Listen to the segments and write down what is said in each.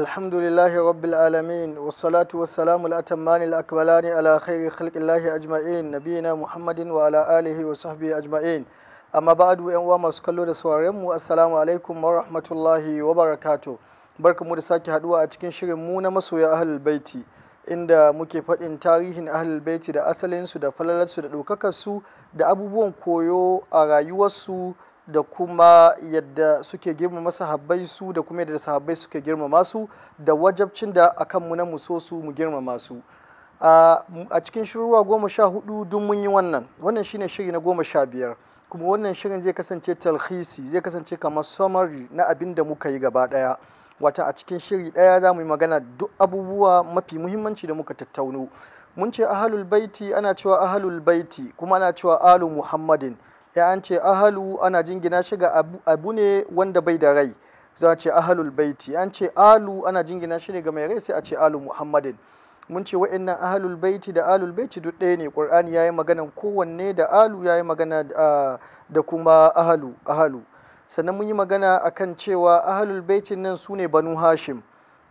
الحمد لله رب العالمين والصلاة والسلام الأتمان الأكملان على خير خلق الله أجمعين نبينا محمد وعلى آله وصحبه أجمعين أما بعد وإن masu kallo da sauraren mu assalamu alaikum wa rahmatullahi wa barakatuh barkamu da sake haduwa a cikin shirin mu na masoya ahlul baiti inda muke faɗin tarihin ahlul baiti da asalinsu da falalarsu da ɗaukakarsu da abubuwan koyo a rayuwarsu da kuma yadda suke girmama sahabbai su da kuma yadda sahabbai suke girmama su da wajabcin da akan mu na mu su mu girmama su a cikin shiruwa goma sha hudu duk mun yi wannan wannan shine shiri na goma sha biyar kuma wannan shirin zai kasance talhisi zai kasance kamar summary na abin da muka yi gaba daya wata a cikin shiri daya za mu yi magana duk abubuwa mafi muhimmanci da muka tattauno mun ce ahalul baiti ana cewa ahalul baiti kuma ana cewa alu muhammadin ya an ce ahalu ana jingina shi ga abu ne wanda bai da rai za a ce ahalul baiti an ce alu ana jingina shi ne ga mai rai sai a ce alu muhammadin mun ce wa'annan ahalul baiti da alul baiti duk ɗaya ne ƙur'ani ya yi maganan kowanne da alu ya yi magana da kuma ahalu ahalu sannan mun yi magana kan cewa ahalul baitin nan su ne banu hashim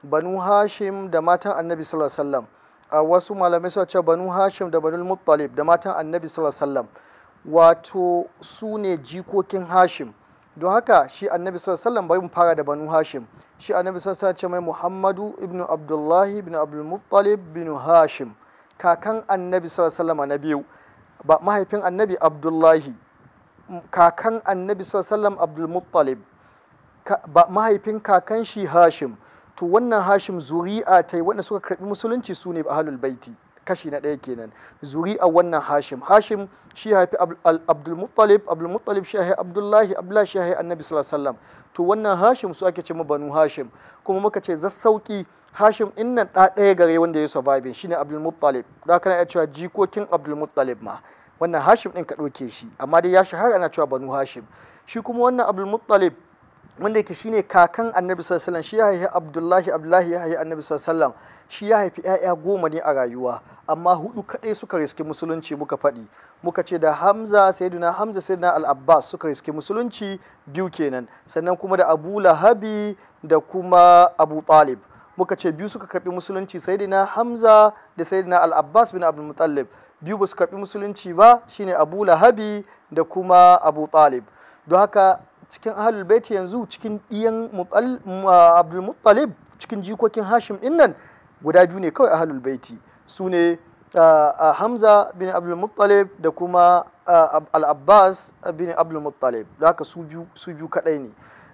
banu hashim da matan annabi sallallahu alaihi a wasu malamai suna cewa banu hashim da banu muttalib da matan annabi sallallahu alaihi wasallam wato su ne jikokin hashim don haka shi annabi sallallahu bari mu fara da banu hashim shi annabi sallallahu ce mai muhammadu ibn abdullahi ibn abdulmuttalib bin hashim kakan annabi sallallahu na biyu ba mahaifin annabi abdullahi kakan annabi sallallahu abdulmuttalib ba mahaifin kakan shi hashim to wannan hashim zuri'a ta yi waɗanda suka karbi musulunci su ne ahlul baiti kashi na ɗaya kenan zuri a wannan hashim hashim shi haifi abdulmuttalib abdulmuttalib shi haifi abdullahi abdullahi shi haifi annabi sallallahu alaihi wasallam to wannan hashim su ake ce banu hashim kuma muka ce zassauki hashim innan ɗa ɗaya gare wanda ya survive shine abdulmuttalib da kana iya cewa jikokin abdulmuttalib ma wannan hashim ɗin ka ɗauke shi amma dai ya shahara ana cewa banu hashim shi kuma wannan abdulmuttalib wanda yake shine kakan annabi sallallahu shi ya haifi abdullahi abdullahi ya haifi annabi sallallahu shi ya haifi ya'ya goma ne a rayuwa amma hudu kadai suka riski musulunci muka faɗi muka ce da hamza sayyidina hamza sayyidina al-abbas suka riski musulunci biyu kenan sannan kuma da abu lahabi da kuma abu talib muka ce biyu suka karbi musulunci sayyidina hamza da sayyidina al-abbas bin abdul muttalib biyu ba su karbi musulunci ba shine abu lahabi da kuma abu talib don haka cikin ahalul baiti yanzu cikin ɗiyan abdul cikin jikokin hashim dinnan guda biyu ne kawai ahalul baiti su ne hamza bin abdul da kuma al-abbas bin abdul muttalib da haka su biyu kadai ne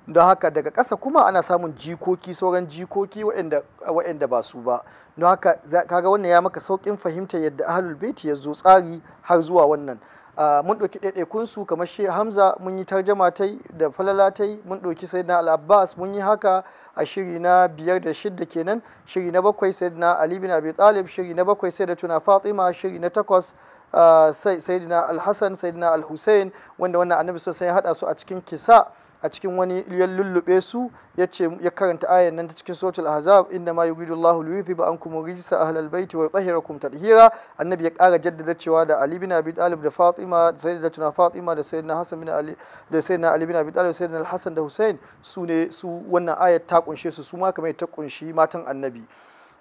don haka daga ƙasa kuma ana samun jikoki sauran jikoki waɗanda ba su ba don haka kaga wannan ya maka sauƙin fahimta yadda ahlul baiti ya zo tsari har zuwa wannan mun ɗauki ɗaiɗaikun su kamar shi hamza mun yi tarjama ta da falala ta mun ɗauki sai al-abbas mun yi haka a shiri na biyar da shidda kenan shiri na bakwai sayyidina ali bin abi talib shiri na bakwai tuna fatima shiri na takwas sayyidina al-hasan sayyidina al-husain wanda wannan annabi sosai ya haɗa su a cikin kisa a cikin wani ya lullube su ya ce ya karanta ayan nan ta cikin suratul ahzab inda ma yuridu Allahu liyuthiba ankum rijsa ahlal baiti wa yutahhirakum tathira annabi ya ƙara jaddada cewa da Ali bin Abi Talib da Fatima da tuna Fatima da sayyidina Hassan bin Ali da sayyidina Ali bin Abi Talib da sayyidina Hassan da Hussein su ne su wannan ayat ta kunshe su su ma kamar ta kunshi matan annabi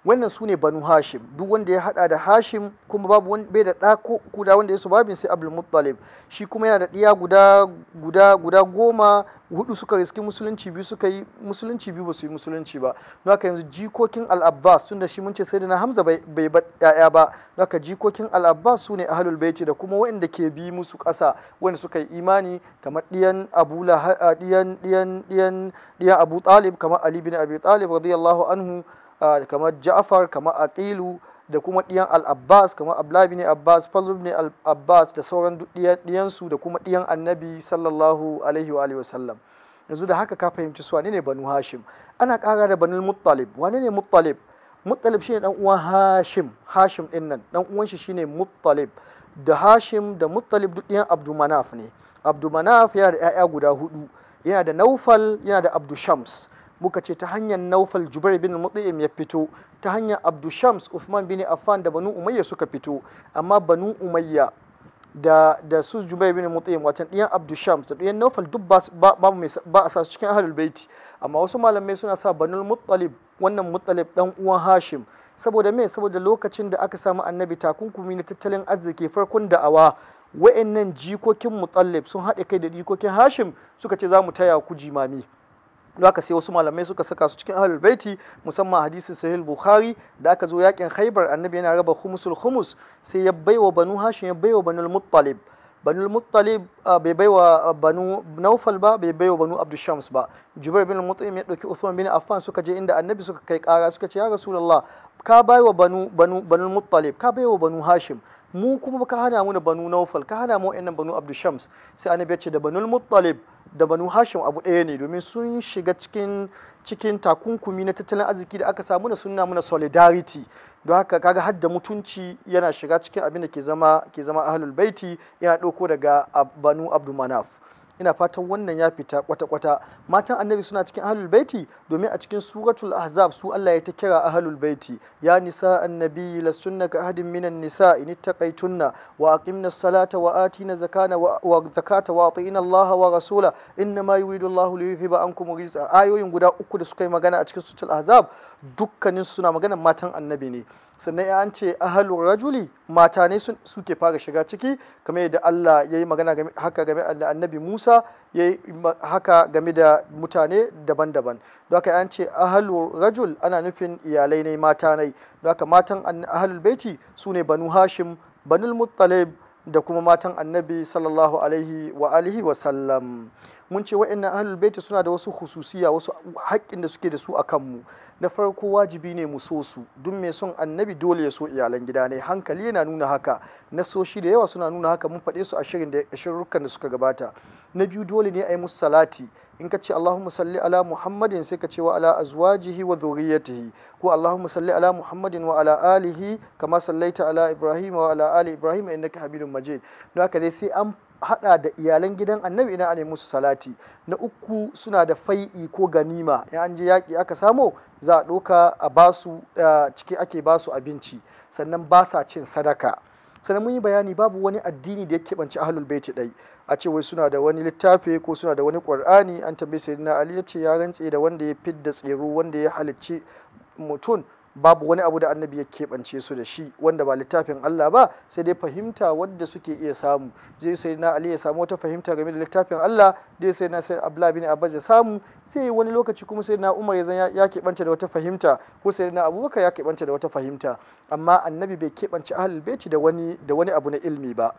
wannan su ne banu hashim duk wanda ya hada da hashim kuma babu bai da ɗa kuda wanda ya su babin sai abdul muttalib shi kuma yana da ɗiya guda guda guda goma hudu suka riski musulunci biyu suka yi musulunci biyu ba su yi musulunci ba don haka yanzu jikokin al'abbas abbas da shi mun ce sai da na hamza bai ba yaya ba don haka jikokin al'abbas su ne ahlul baiti da kuma waɗanda ke bi musu ƙasa wanda suka yi imani kamar ɗiyan abu ɗiyan ɗiyan ɗiyan abu talib kamar ali bin abi talib radiyallahu anhu kamar ja'far kamar aqilu da kuma ɗiyan al-abbas kamar ablabi ne abbas falub ne abbas da sauran ɗiyansu da kuma ɗiyan annabi sallallahu alaihi wa alihi wasallam yanzu da haka ka fahimci su wane ne banu hashim ana ƙara da banu muttalib wane ne muttalib muttalib shine dan uwan hashim hashim din nan dan uwan shi shine muttalib da hashim da muttalib duk ɗiyan abdumanaf ne abdumanaf yana da 'ya'ya guda hudu yana da naufal yana da abdushams muka ce ta hanyar naufal jubair bin mut'im ya fito ta hanyar abdu shams uthman bin affan da banu umayya suka fito amma banu umayya da da su jubair bin mut'im watan ɗiyan abdu shams da ɗiyan naufal duk ba a sa cikin ahlul baiti amma wasu malamai suna sa banu muttalib wannan muttalib dan uwan hashim saboda me saboda lokacin da aka samu annabi takunkumi na tattalin arziki farkon da'awa wa'annan jikokin mutsalib sun haɗe kai da jikokin hashim suka ce za mu taya ku jimami don haka sai wasu malamai suka saka su cikin ahlul baiti musamman hadisin sahih bukhari da aka zo yakin khaibar annabi yana raba khumusul khumus sai ya baiwa banu hashim ya baiwa banu muttalib banu muttalib ah, bai baiwa ah, banu naufal ba bai baiwa banu abdulshams shams ba jubair bin mut'im ya dauki usman bin affan suka je inda annabi suka kai kara suka ce ya rasulullah ka baiwa banu banu banu muttalib ka baiwa banu hashim mu kuma ka hana mu da banu naufal ka hana mu wa'annan banu abdu shams sai annabi ya ce da banul muttalib da banu hashim abu ɗaya ne domin sun shiga cikin cikin takunkumi na tattalin arziki da aka samu na sunna muna solidarity don haka kaga har da mutunci yana shiga cikin abin da ke zama ke zama ahlul baiti yana ɗauko daga banu abdu manaf ina fatan wannan ya fita kwata-kwata matan annabi suna cikin ahlul baiti domin a cikin suratul ahzab su Allah ya ta kira ahlul baiti ya nisa annabi lasunna ka ahadin minan nisa in taqaitunna wa aqimna salata wa atina zakana wa zakata wa atina Allah wa rasula inna ma yuridu Allah li yuthiba ankum rizqa ayoyin guda uku da suka yi magana a cikin suratul ahzab dukkanin suna magana matan annabi ne sannan an ce ahalur rajuli mata ne suke fara shiga ciki kamar yadda Allah ya yi magana haka game da annabi Musa ya yi haka game da mutane daban-daban don haka an ce ahalur rajul ana nufin iyalai ne mata ne don haka matan ahalul baiti su ne banu hashim banul muttalib da kuma matan annabi sallallahu alaihi wa alihi wa sallam mun ce wa'annan ahlul baiti suna da wasu hususiya wasu haƙƙin da suke da su akan mu na farko wajibi ne mu so su duk mai son annabi dole ya so iyalan gida ne hankali yana nuna haka na nasoshi da yawa suna nuna haka mun faɗe su a shirin da shirrukan da suka gabata na biyu dole ne a yi musu salati in ka ce Allahumma salli ala Muhammadin sai ka ce wa ala azwajihi wa dhurriyyatihi ko Allahumma salli ala Muhammadin wa ala alihi kama sallaita ala Ibrahim wa ala ali Ibrahim innaka Hamidum Majid don haka dai sai an hada da iyalan gidan annabi ina ne musu salati na uku suna da fai'i ko ganima Ya an je yaki aka samo za a ɗoka a basu ciki ake basu abinci sannan ba sa cin sadaka sannan mun yi bayani babu wani addini da ya keɓance ahlul baiti ɗai a ce wai suna da wani littafi ko suna da wani ƙur'ani an tambaye sayyidina ali ya ce ya rantse da wanda ya fidda tsero wanda ya halicci mutum babu wani abu da annabi ya keɓance su da shi wanda ba littafin Allah ba sai dai fahimta wadda suke iya samu zai sai na Ali ya samu wata fahimta game da littafin Allah dai sai na sai Abdullah bin Abbas ya samu sai wani lokaci kuma sai na Umar ya ya keɓance da wata fahimta ko sai na Abubakar ya keɓance da wata fahimta amma annabi bai keɓance ahlul baiti da wani da wani abu na ilmi ba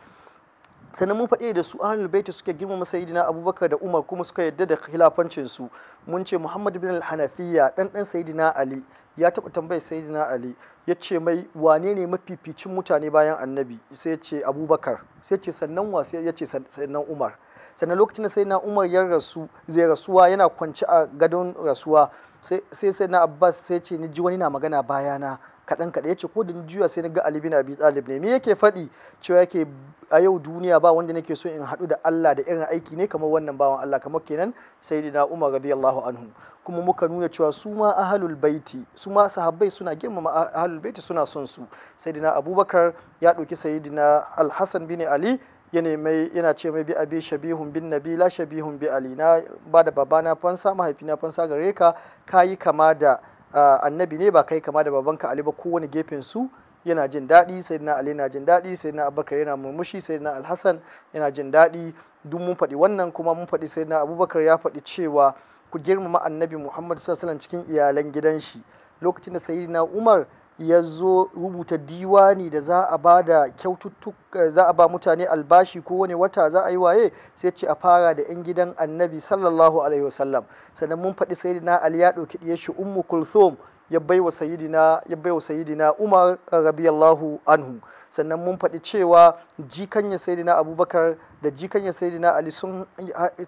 sannan mun faɗi da su ahlul baiti suke girmama sayyidina abubakar da umar kuma suka yadda da khilafancin su mun ce muhammad bin al-hanafiya dan dan sayyidina ali ya taɓa tambayar sayyidina ali ya ce mai wane ne mafificin mutane bayan annabi sai ya ce abubakar sai ya ce sannan wa sai ya ce sannan umar sannan lokacin da sayyidina umar ya rasu zai rasuwa yana kwance a gadon rasuwa sai sayyidina abbas sai ce ni ji wani na magana bayana kaɗan kaɗan yace ko da ni juya sai na ga Ali bin Abi Talib ne me yake faɗi cewa yake a yau duniya ba wanda nake so in haɗu da Allah da irin aiki ne kamar wannan bawan Allah kamar kenan sayyidina Umar radiyallahu anhu kuma muka nuna cewa su ma ahlul baiti su ma sahabbai suna girmama ahlul baiti suna son su sayyidina Abubakar ya ɗauki sayyidina Al-Hasan bin Ali yana mai yana ce mai bi abi shabihun bin nabi la shabihun bi ali na ba da babana fansa mahaifina fansa gare ka kayi kama da annabi ne ba kai kama da babanka ali ba kowane gefen su yana jin daɗi na ali yana jin daɗi na abubakar yana murmushi na alhassan yana jin daɗi duk mun faɗi wannan kuma mun faɗi na abubakar ya faɗi cewa ku girmama annabi muhammad sallallahu alaihi cikin iyalan gidan shi lokacin da sayyidina umar ya zo rubuta diwani da za a ba da kyaututtuka za a ba mutane albashi ko wani wata za a yi waye sai ce a fara da 'yan gidan annabi sallallahu alaihi wasallam sannan mun faɗi sai na ali ya ɗauki ɗiyar shi ummu kulthum ya baiwa sayidina sayidina Umar radiyallahu anhu sannan mun faɗi cewa jikan ya sayidina Abubakar da jikan ya sayidina Ali sun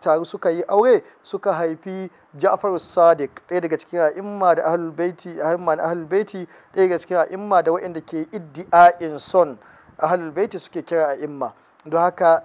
taru suka yi aure suka haifi Ja'far Sadiq ɗaya daga cikin a'imma da ahlul baiti ɗaya daga cikin a'imma da waɗanda ke iddia'in son ahlul baiti suke kira a'imma don haka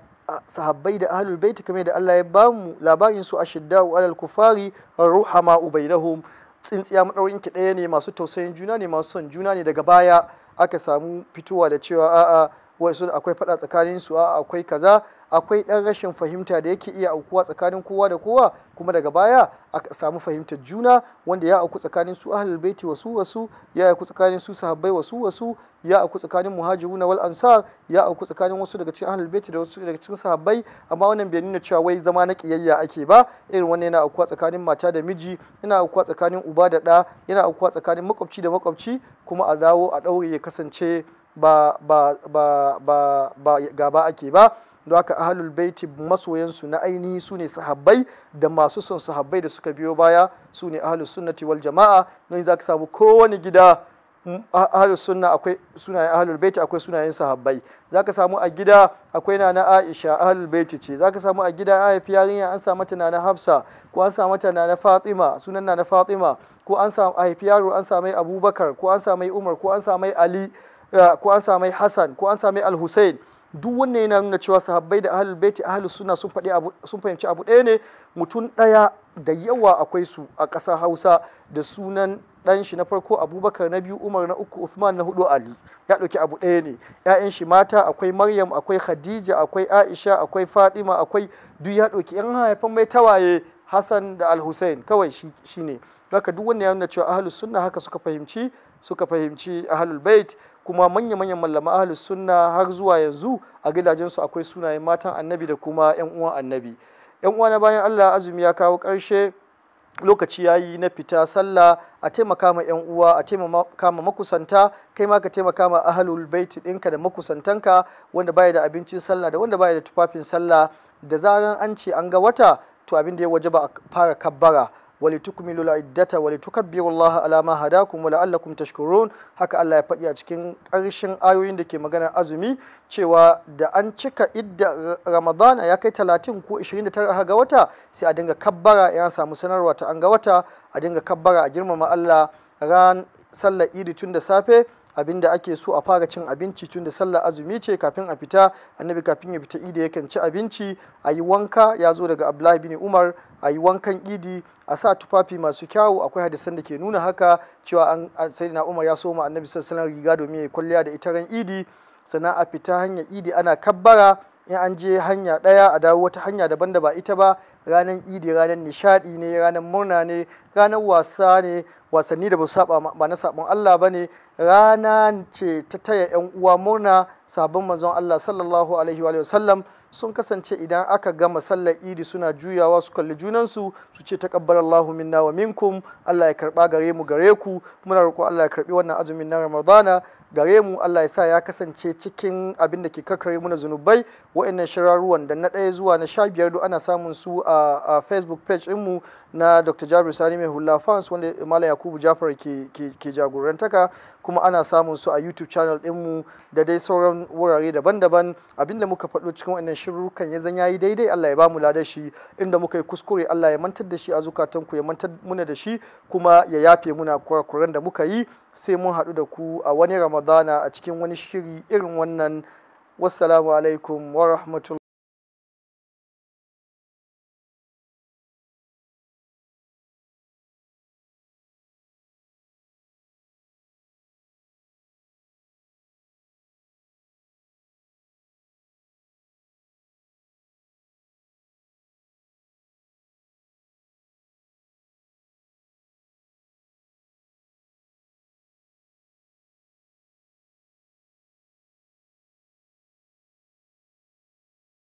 sahabbai da ahlul baiti kamar da Allah ya bamu labarin su a ashidda'u alal kufari ruhama ubainahum tsintsiya maɗaurin ki ɗaya ne masu tausayin juna ne masu son juna ne daga baya aka samu fitowa da cewa a'a wasu akwai faɗa tsakanin su akwai kaza akwai ɗan rashin fahimta da yake iya aukuwa tsakanin kowa da kowa kuma daga baya a samu fahimtar juna wanda ya auku tsakanin su ahlul baiti wasu wasu ya auku tsakanin su sahabbai wasu wasu ya auku tsakanin muhajirun wal ansar ya auku tsakanin wasu daga cikin ahlul baiti da wasu daga cikin sahabbai amma wannan bai nuna cewa wai zama na kiyayya ake ba irin wannan yana aukuwa tsakanin mata da miji yana aukuwa tsakanin uba da ɗa yana aukuwa tsakanin makwabci da makwabci kuma a dawo a ɗaure ya kasance ba ba ba ba ba gaba ake ba don haka ahlul baiti masoyansu na ainihi su ne sahabbai da masu son sahabbai da suka biyo baya su ne ahlus sunnati wal jama'a don za ka samu kowane gida mm, ahlus sunna akwai sunayen ahlul baiti akwai sunayen sahabbai zaka samu a gida akwai nana Aisha ahlul baiti ce zaka samu a gida Aisha yarinya an samu ta nana Hafsa ko an samu ta nana Fatima sunan nana Fatima ko an sa Aisha yaro an mai Abubakar ko an mai Umar ko an mai Ali Eh, ko an samai Hassan ko an samai Al-Hussein duk wannan yana nuna cewa sahabbai da ahlul baiti ahlus sunna sun fahimci abu ɗaya ne mutum ɗaya da yawa akwai su a ƙasa Hausa da sunan ɗan shi na farko Abubakar na biyu Umar na uku Uthman na hudu Ali ya ɗauki abu ɗaya ne ƴaƴan shi mata akwai Maryam akwai Khadija akwai Aisha akwai Fatima akwai duk ya ɗauki yan haifan mai tawaye Hassan da al kawai shi ne haka duk wannan ya nuna cewa ahlus sunna haka suka fahimci suka fahimci ahlul bait kuma manya-manyan mallama ahlus sunna har zuwa yanzu a gidajen su akwai sunayen matan annabi da kuma yan uwan annabi yan uwa na bayan Allah azumi ya kawo karshe lokaci yayi na fita sallah a taimaka ma yan uwa a taimaka ma makusanta kai ma ka taimaka ma ahlul bait ɗinka da makusantanka wanda baya da abincin sallah da wanda baya da tufafin sallah da zaran an ce an ga wata to abin da ya ba a fara kabbara ولتكملوا walitu ولتكبروا الله على ما هداكم ولعلكم تشكرون haka Allah ya faɗi a cikin karshen ayoyin da ke magana azumi cewa da an cika idda Ramadana ya kai 30 ko 29 ga wata sai a dinga kabbara ya samu sanarwa ta an ga wata a dinga kabbara a girmama Allah ran sallar idi tun da safe abinda ake so a fara cin abinci tun da sallar azumi ce kafin a fita annabi kafin ya fita idi yakan ci abinci a yi wanka ya zo daga abdullahi bin umar a yi wankan idi a sa tufafi masu kyawu akwai hadisan da ke nuna haka cewa an sayyidina umar ya ma annabi sallallahu riga domin ya kwalliya da ita ran idi sannan a fita hanyar idi ana kabbara in an je hanya daya a dawo wata hanya daban da ba ita ba ranar idi ranar nishadi ne ranar murna ne ranar wasa ne wasanni da ba saba ba na sabon Allah ba ne rana ce ta taya yan uwa murna sabon manzon Allah sallallahu alaihi wa sallam sun kasance idan aka gama sallar idi suna juyawa su kalli junansu su ce ta takabbalallahu minna wa minkum Allah ya karba gare mu gare ku muna roƙo Allah ya karbi wannan azumin na Ramadana gare mu Allah ya sa ya kasance cikin abin da ke mu muna zunubai wa'annan shirarruwan da na ɗaya zuwa na sha biyar ana samun su a Facebook page ɗinmu na dr jabir sani mai hula fans wanda malam yakubu jafar ke, jagorantaka kuma ana samun su a youtube channel dinmu da dai sauran wurare daban-daban abinda muka faɗo cikin wannan shirrukan ya zan yayi daidai allah ya bamu lada shi inda muka yi kuskure allah ya mantar da shi a zukatanku ya mantar muna da shi kuma ya yafe muna kurakuran da muka yi sai mun haɗu da ku a wani ramadana a cikin wani shiri irin wannan wassalamu alaikum wa rahmatullahi